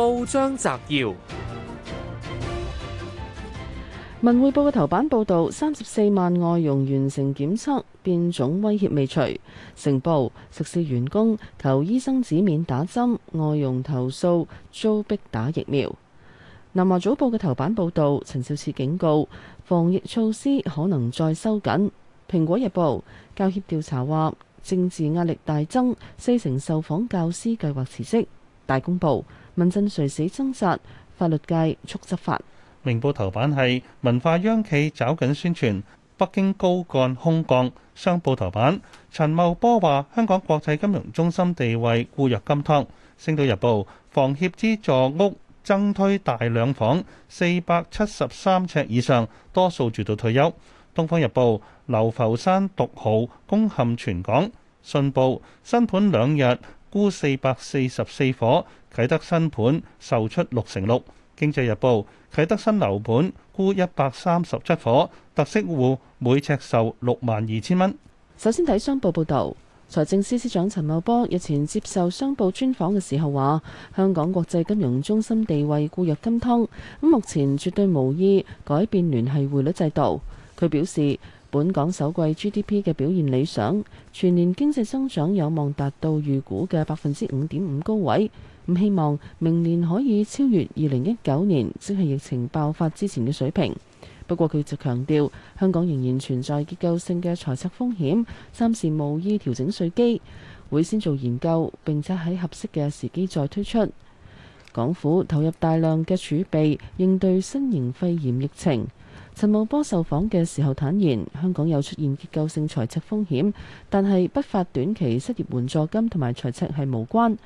報章摘要：《文匯報》嘅頭版報道，三十四萬外傭完成檢測，變種威脅未除。《成報》食肆員工求醫生紙免打針，外傭投訴遭逼打疫苗。《南華早報》嘅頭版報道，陳肇始警告防疫措施可能再收緊。《蘋果日報》教協調查話政治壓力大增，四成受訪教師計劃辭職。《大公報》民陣垂死掙扎，法律界促執法。明報頭版係文化央企抓緊宣傳，北京高幹空降。商報頭版，陳茂波話香港國際金融中心地位固若金湯。星島日報，房協資助屋增推大兩房，四百七十三尺以上，多數住到退休。東方日報，流浮山毒蠔攻陷全港。信報，新盤兩日沽四百四十四伙啟德新盤售出六成六。《經濟日報》啟德新樓盤沽一百三十七伙，特色戶每尺售六萬二千蚊。首先睇商報報道，財政司司長陳茂波日前接受商報專訪嘅時候話，香港國際金融中心地位固若金湯，咁目前絕對無意改變聯繫匯率制度。佢表示，本港首季 GDP 嘅表現理想，全年經濟增長有望達到預估嘅百分之五點五高位。咁希望明年可以超越二零一九年，即係疫情爆發之前嘅水平。不過，佢就強調香港仍然存在結構性嘅財赤風險，暫時無意調整稅基，會先做研究，並且喺合適嘅時機再推出。港府投入大量嘅儲備應對新型肺炎疫情。陳茂波受訪嘅時候坦言，香港有出現結構性財赤風險，但係不發短期失業援助金同埋財赤係無關。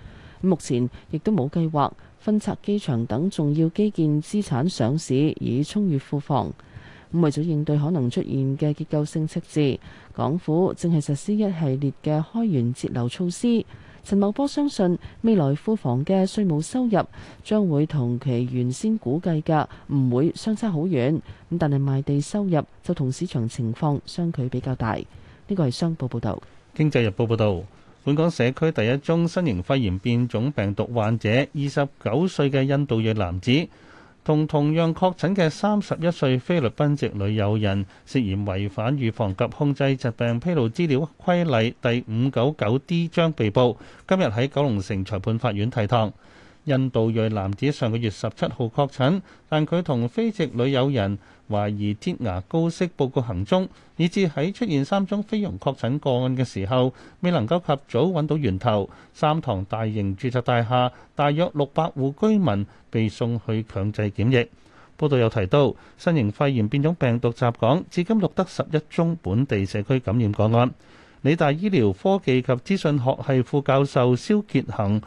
目前亦都冇計劃分拆機場等重要基建資產上市，以充裕庫房。咁為咗應對可能出現嘅結構性赤字，港府正係實施一系列嘅開源節流措施。陳茂波相信，未來庫房嘅稅務收入將會同其原先估計嘅唔會相差好遠，咁但係賣地收入就同市場情況相距比較大。呢個係商報報道。《經濟日報》報道，本港社區第一宗新型肺炎變種病毒患者，二十九歲嘅印度裔男子。同同樣確診嘅三十一歲菲律賓籍女友人，涉嫌違反預防及控制疾病披露資料規例第五九九 D 章，被捕，今日喺九龍城裁判法院提堂。印度裔男子上個月十七號確診，但佢同非籍女友人懷疑天涯高息報告行蹤，以致喺出現三宗非揚確診個案嘅時候，未能夠及早揾到源頭。三幢大型住宅大廈，大約六百戶居民被送去強制檢疫。報道又提到，新型肺炎變種病毒集港，至今錄得十一宗本地社區感染個案。理大醫療科技及資訊學系副教授蕭傑恒。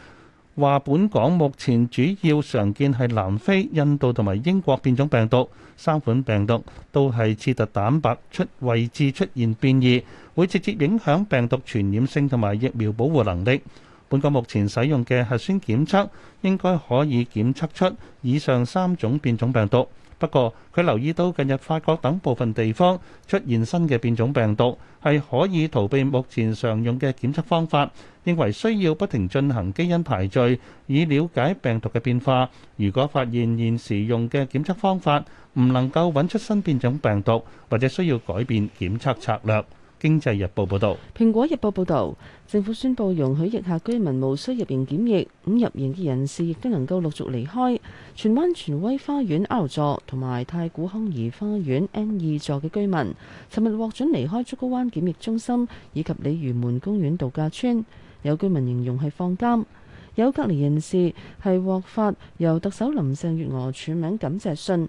話本港目前主要常見係南非、印度同埋英國變種病毒，三款病毒都係刺突蛋白出位置出現變異，會直接影響病毒傳染性同埋疫苗保護能力。本港目前使用嘅核酸檢測應該可以檢測出以上三種變種病毒。不過，佢留意到近日法國等部分地方出現新嘅變種病毒，係可以逃避目前常用嘅檢測方法，認為需要不停進行基因排序，以了解病毒嘅變化。如果發現現時用嘅檢測方法唔能夠揾出新變種病毒，或者需要改變檢測策略。《經濟日報》報道，《蘋果日報》報導，政府宣布容許疫下居民無需入營檢疫，唔入營嘅人士亦都能夠陸續離開。荃灣荃威花園 L 座同埋太古康怡花園 N 二座嘅居民，尋日獲准離開竹篙灣檢疫中心以及鯉魚門公園度假村，有居民形容係放監，有隔離人士係獲發由特首林鄭月娥署名感謝信。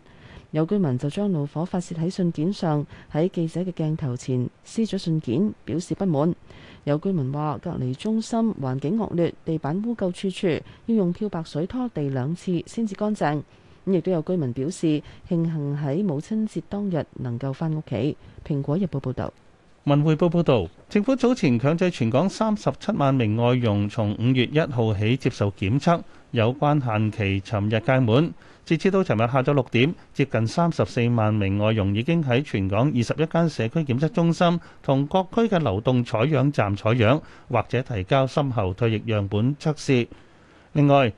有居民就將怒火發泄喺信件上，喺記者嘅鏡頭前撕咗信件，表示不滿。有居民話：隔離中心環境惡劣，地板污垢處處，要用漂白水拖地兩次先至乾淨。咁亦都有居民表示慶幸喺母親節當日能夠翻屋企。《蘋果日報》報道。《文匯報》報道，政府早前強制全港三十七萬名外傭從五月一號起接受檢測，有關限期尋日屆滿。截至到尋日下晝六點，接近三十四萬名外傭已經喺全港二十一間社區檢測中心同各區嘅流動採樣站採樣，或者提交深喉唾液樣本測試。另外，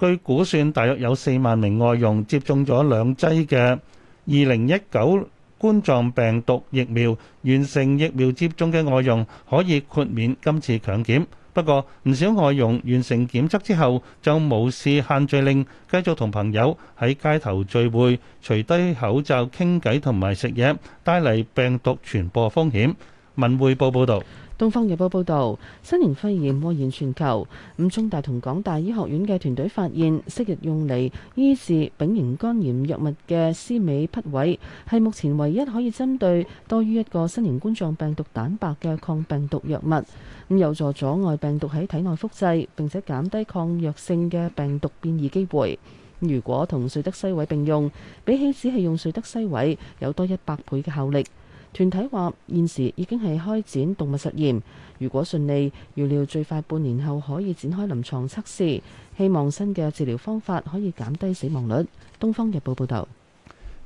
據估算，大約有四萬名外傭接種咗兩劑嘅二零一九冠狀病毒疫苗，完成疫苗接種嘅外傭可以豁免今次強檢。不過，唔少外傭完成檢測之後，就無視限聚令，繼續同朋友喺街頭聚會，除低口罩傾偈同埋食嘢，帶嚟病毒傳播風險。文匯報報道。《東方日報》報導，新型肺炎蔓延全球，咁中大同港大醫學院嘅團隊發現，昔日用嚟醫治丙型肝炎藥物嘅司美匹韋，係目前唯一可以針對多於一個新型冠狀病毒蛋白嘅抗病毒藥物，咁有助阻礙病毒喺體內複製，並且減低抗藥性嘅病毒變異機會。如果同瑞德西韋並用，比起只係用瑞德西韋，有多一百倍嘅效力。團體話：現時已經係開展動物實驗，如果順利，預料最快半年後可以展開臨床測試，希望新嘅治療方法可以減低死亡率。《東方日報》報道。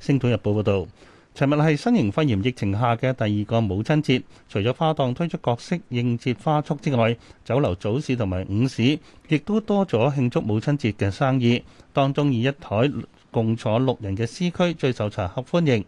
《星島日報》報道，尋日係新型肺炎疫情下嘅第二個母親節，除咗花檔推出各式應節花束之外，酒樓早市同埋午市亦都多咗慶祝母親節嘅生意，當中以一枱共坐六人嘅私區最受茶客歡迎。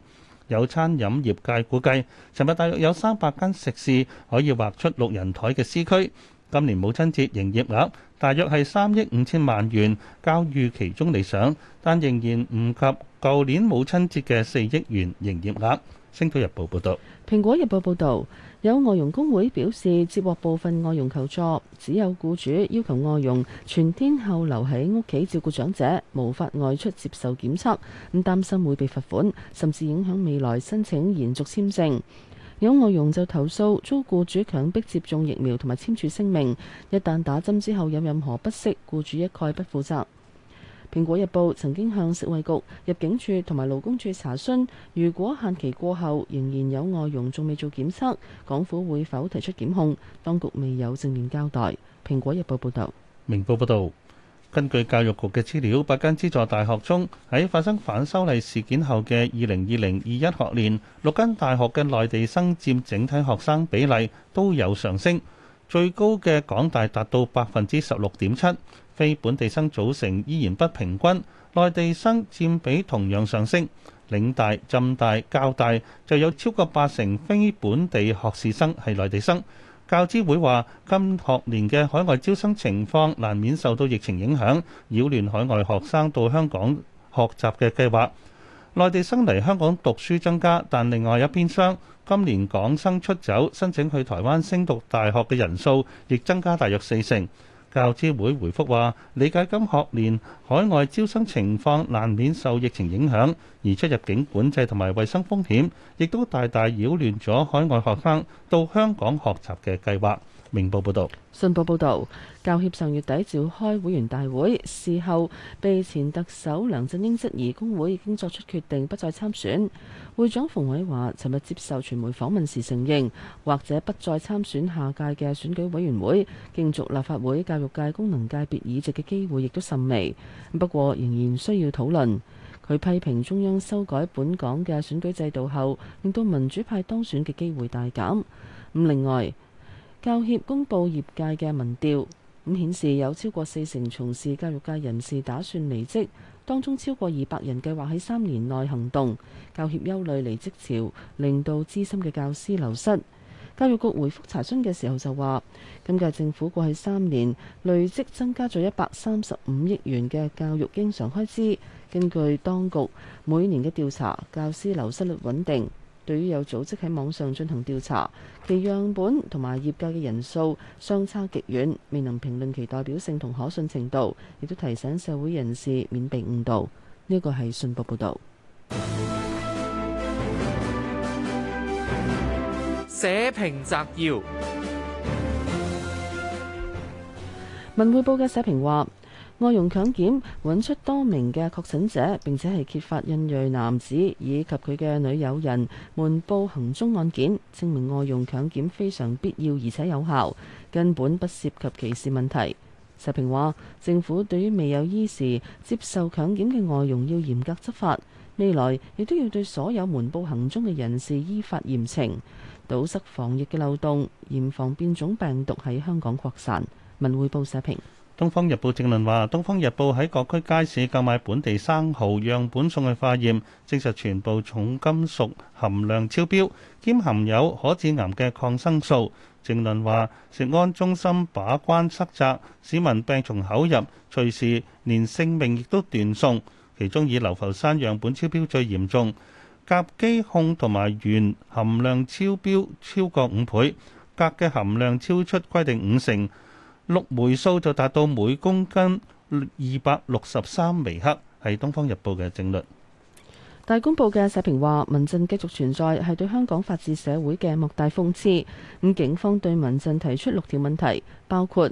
有餐飲業界估計，尋日大約有三百間食肆可以劃出六人枱嘅 C 區。今年母親節營業額大約係三億五千萬元，較預期中理想，但仍然唔及舊年母親節嘅四億元營業額。《星島日報》報道。《蘋果日報》報導。有外傭工會表示，接獲部分外傭求助，只有雇主要求外傭全天候留喺屋企照顧長者，無法外出接受檢測，咁擔心會被罰款，甚至影響未來申請延續簽證。有外傭就投訴，遭雇主強迫接種疫苗同埋簽署聲明，一旦打針之後有任何不適，雇主一概不負責。蘋果日報曾經向食衛局、入境處同埋勞工處查詢，如果限期過後仍然有外傭仲未做檢測，港府會否提出檢控？當局未有正面交代。蘋果日報報道，明報報道，根據教育局嘅資料，八間資助大學中，喺發生反修例事件後嘅二零二零二一學年，六間大學嘅內地生佔整體學生比例都有上升，最高嘅港大達到百分之十六點七。非本地生組成依然不平均，內地生佔比同樣上升。嶺大、浸大、教大就有超過八成非本地學士生係內地生。教資會話，今學年嘅海外招生情況難免受到疫情影響，擾亂海外學生到香港學習嘅計劃。內地生嚟香港讀書增加，但另外一邊廂，今年港生出走申請去台灣升讀大學嘅人數亦增加大約四成。教資會回覆話：理解今學年海外招生情況難免受疫情影響，而出入境管制同埋衞生風險，亦都大大擾亂咗海外學生到香港學習嘅計劃。明報報道：信報報道，教協上月底召開會員大會，事後被前特首梁振英質疑，工會已經作出決定不再參選。會長馮偉華，尋日接受傳媒訪問時承認，或者不再參選下屆嘅選舉委員會，競逐立法會教育界功能界別議席嘅機會亦都甚微。不過仍然需要討論。佢批評中央修改本港嘅選舉制度後，令到民主派當選嘅機會大減。咁另外。教協公布業界嘅民調，咁顯示有超過四成從事教育界人士打算離職，當中超過二百人計劃喺三年內行動。教協憂慮離職潮令到資深嘅教師流失。教育局回覆查詢嘅時候就話，今屆政府過去三年累積增加咗一百三十五億元嘅教育經常開支。根據當局每年嘅調查，教師流失率穩定。對於有組織喺網上進行調查，其樣本同埋業界嘅人數相差極遠，未能評論其代表性同可信程度，亦都提醒社會人士免被誤導。呢個係信報報導。社評摘要，文匯報嘅社評話。外傭強檢揾出多名嘅確診者，並且係揭發印裔男子以及佢嘅女友人瞞報行蹤案件，證明外傭強檢非常必要而且有效，根本不涉及歧視問題。社評話：政府對於未有依時接受強檢嘅外傭要嚴格執法，未來亦都要對所有瞞報行蹤嘅人士依法嚴懲，堵塞防疫嘅漏洞，嚴防變種病毒喺香港擴散。文匯報社評。《東方日報》正論話，《東方日報》喺各區街市購買本地生蠔樣本送去化驗，證實全部重金屬含量超標，兼含有可致癌嘅抗生素。正論話，食安中心把關失責，市民病從口入，隨時連性命亦都斷送。其中以流浮山樣本超標最嚴重，甲基汞同埋鉛含量超標超過五倍，鎘嘅含量超出規定五成。氯黴素就達到每公斤二百六十三微克，係東方日報嘅正論。大公報嘅社評話，民陣繼續存在係對香港法治社會嘅莫大諷刺。咁警方對民陣提出六條問題，包括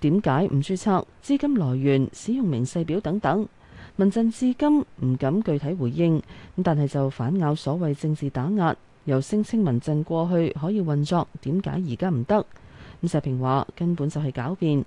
點解唔註冊資金來源、使用明細表等等。民陣至今唔敢具體回應，咁但係就反咬所謂政治打壓，又聲稱民陣過去可以運作，點解而家唔得？咁社評話根本就係狡辯，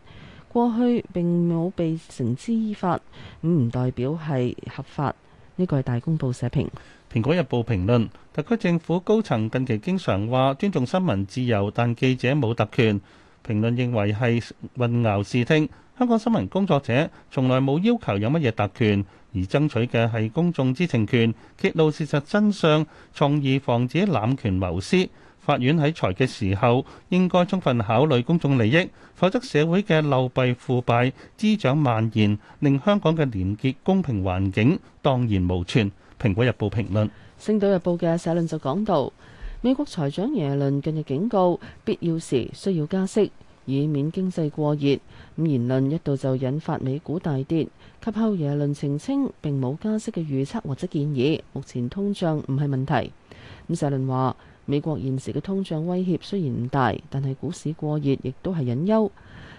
過去並冇被繩之以法，咁唔代表係合法。呢個係《大公報》社評，《蘋果日報》評論，特區政府高層近期經常話尊重新聞自由，但記者冇特權。評論認為係混淆視聽。香港新聞工作者從來冇要求有乜嘢特權，而爭取嘅係公眾知情權，揭露事實真相，從而防止濫權謀私。法院喺裁嘅時候應該充分考慮公眾利益，否則社會嘅漏弊腐敗滋長蔓延，令香港嘅廉潔公平環境蕩然無存。《蘋果日報》評論。《星島日報》嘅社論就講到，美國財長耶倫近日警告，必要時需要加息，以免經濟過熱，咁言論一度就引發美股大跌，及後耶倫澄清，清並冇加息嘅預測或者建議，目前通脹唔係問題，咁社論話。美國現時嘅通脹威脅雖然唔大，但係股市過熱亦都係隱憂。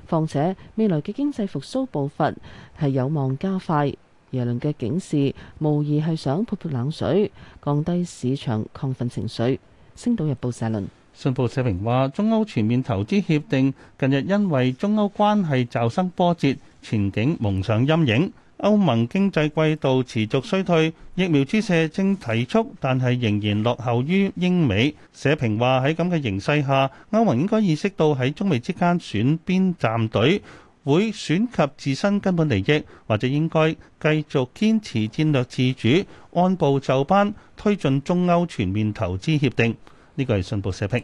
況且未來嘅經濟復甦步伐係有望加快，耶倫嘅警示無疑係想潑潑冷水，降低市場亢奮情緒。星島日報社論。信報社評話：中歐全面投資協定近日因為中歐關係驟生波折。前景蒙上陰影，歐盟經濟季度持續衰退，疫苗注射正提速，但係仍然落後於英美。社評話喺咁嘅形勢下，歐盟應該意識到喺中美之間選邊站隊，會損及自身根本利益，或者應該繼續堅持戰略自主，按部就班推進中歐全面投資協定。呢個係信報社評。